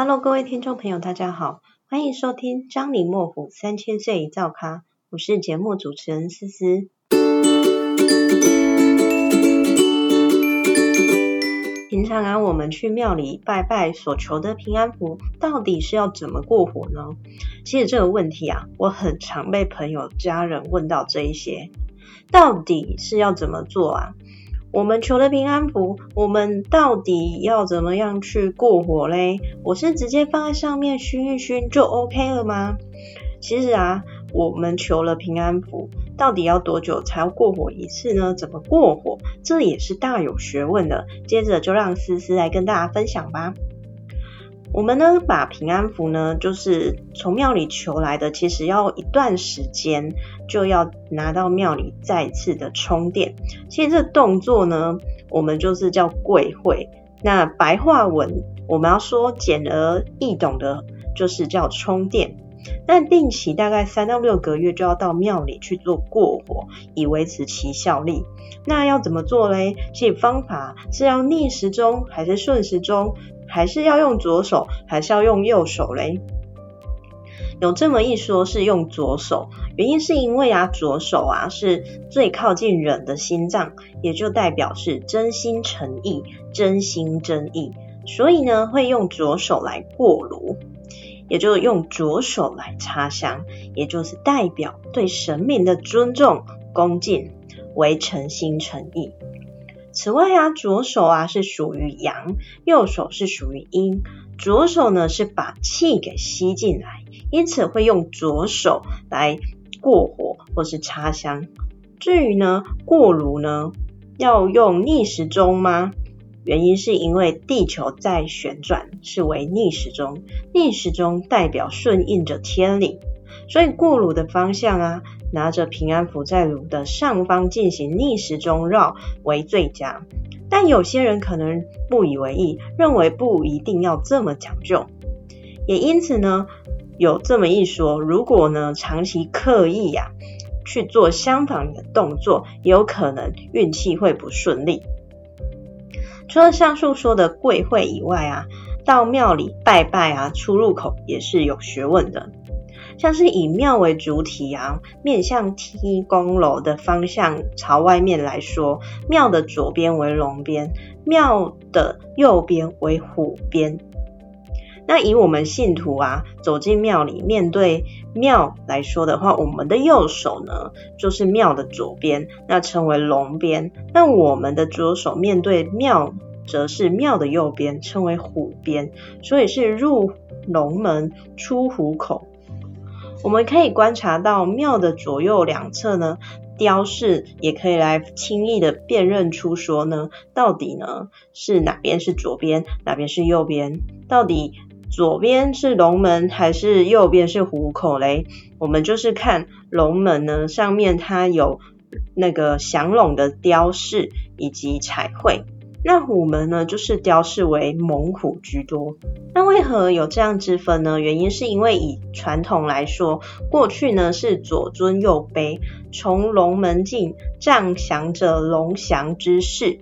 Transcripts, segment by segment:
Hello，各位聽眾朋友，大家好，歡迎收聽張里莫府三千歲灶咖，我是節目主持人思思。平常啊，我們去廟裡拜拜，所求的平安符到底是要怎麼過火呢？其實這個問題啊，我很常被朋友、家人問到這一些，到底是要怎麼做啊？我們求了平安符，我們到底要怎麼樣去過火嘞？我是直接放在上面熏一熏就 OK 了嗎？其實啊，我們求了平安符，到底要多久才要過火一次呢？怎麼過火？這也是大有學問的。接着就讓絲絲來跟大家分享吧。我們呢，把平安符呢，就是從廟裡求來的，其實要一段時間就要拿到廟裡再次的充電。其實這動作呢，我們就是叫跪會。那白話文我們要說簡而易懂的，就是叫充電。那定期大概三到六個月就要到廟裡去做過火，以維持其效力。那要怎麼做嘞？這方法是要逆時鐘還是順時鐘？還是要用左手，還是要用右手嘞？有這麼一說，是用左手，原因是因為啊，左手啊是最靠近人的心臟，也就代表是真心誠意、真心真意，所以呢，會用左手來過爐，也就是用左手來插香，也就是代表對神明的尊重、恭敬，為誠心誠意。此外啊，左手啊是屬於陽，右手是屬於陰。左手呢是把氣給吸進來，因此會用左手來過火或是插香。至於呢過爐呢，要用逆時鐘嗎？原因是因為地球在旋轉，是為逆時鐘。逆時鐘代表順應着天理。所以過爐的方向啊，拿着平安符在爐的上方進行逆時鐘繞為最佳。但有些人可能不以為意，認為不一定要這麼講究。也因此呢，有這麼一說：如果呢長期刻意呀、啊、去做相反的動作，有可能運氣會不順利。除了上述說的跪會以外啊，到廟裡拜拜啊，出入口也是有學問的。像是以廟為主體啊，面向天公爐的方向朝外面來說，廟的左邊為龍邊，廟的右邊為虎邊。那以我們信徒啊走進廟裡面對廟來說的話，我們的右手呢就是廟的左邊，那稱為龍邊；那我們的左手面對廟則是廟的右邊，稱為虎邊。所以是入龍門，出虎口。我們可以觀察到廟的左右兩側呢，雕飾也可以來輕易的辨認出說呢，到底呢是哪邊是左邊，哪邊是右邊？到底左邊是龍門還是右邊是虎口嘞？我們就是看龍門呢，上面它有那個降龍的雕飾以及彩繪。那虎門呢，就是雕飾為猛虎居多。那為何有這樣之分呢？原因是因為以傳統來說，過去呢是左尊右卑，從龍門進，仗祥者龍祥之勢，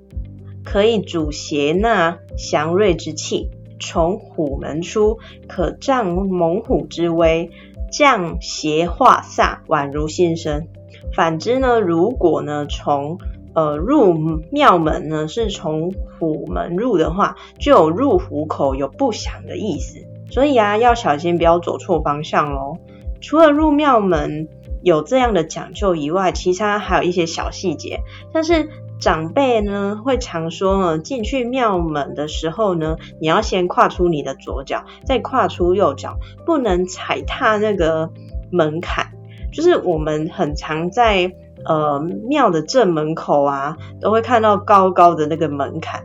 可以主邪納祥瑞之氣；從虎門出，可仗猛虎之威，降邪化煞，宛如新生。反之呢，如果呢從呃，入廟門呢，是從虎門入的話，就有入虎口，有不祥的意思，所以啊，要小心，不要走錯方向嘍。除了入廟門有這樣的講究以外，其他還有一些小細節。但是長輩呢，會常說呢，進去廟門的時候呢，你要先跨出你的左腳，再跨出右腳，不能踩踏那個門檻，就是我們很常在。呃，廟的正門口啊，都會看到高高的那個門檻。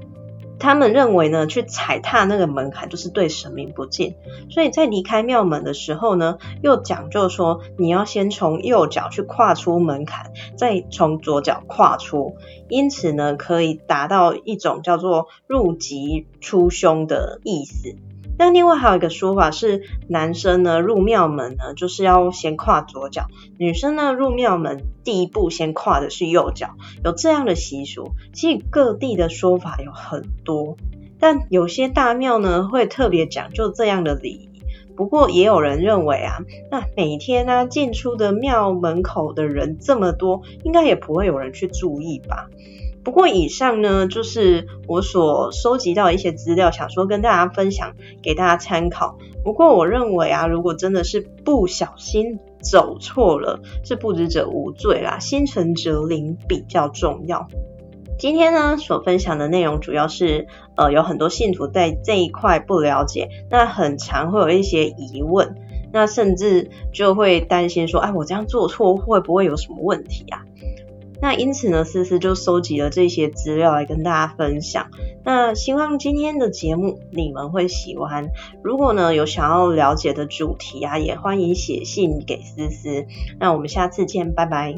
他們認為呢，去踩踏那個門檻就是對神明不敬，所以在離開廟門的時候呢，又講究說你要先從右腳去跨出門檻，再從左腳跨出，因此呢，可以達到一種叫做入吉出凶的意思。但另外還有一個說法是，男生呢入廟門呢就是要先跨左腳，女生呢入廟門第一步先跨的是右腳，有這樣的習俗。其實各地的說法有很多，但有些大廟呢會特別講究這樣的禮儀。不過也有人認為啊，那每天呢，啊，進出的廟門口的人這麼多，應該也不會有人去注意吧。不過以上呢，就是我所收集到一些資料，想說跟大家分享，給大家參考。不過我認為啊，如果真的是不小心走錯了，是不知者無罪啦，心誠則靈比較重要。今天呢，所分享的內容主要是，呃，有很多信徒在這一塊不了解，那很常會有一些疑問，那甚至就會擔心說，哎、啊，我這樣做錯會不會有什麼問題啊？那因此呢，絲絲就收集了這些資料來跟大家分享。那希望今天的節目你們會喜歡。如果呢有想要了解的主題啊，也歡迎寫信給絲絲。那我們下次見，拜拜。